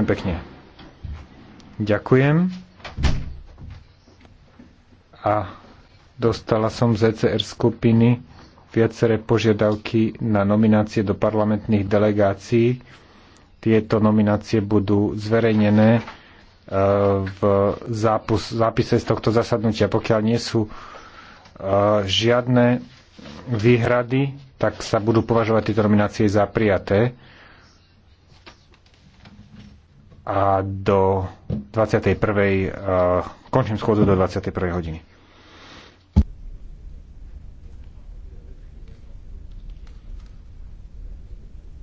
Ďakujem pekne. Ďakujem. A dostala som z ECR skupiny viaceré požiadavky na nominácie do parlamentných delegácií. Tieto nominácie budú zverejnené e, v zápus, zápise z tohto zasadnutia. Pokiaľ nie sú e, žiadne výhrady, tak sa budú považovať tieto nominácie za prijaté a do 21. Uh, eh, končím schôdzu do 21. hodiny.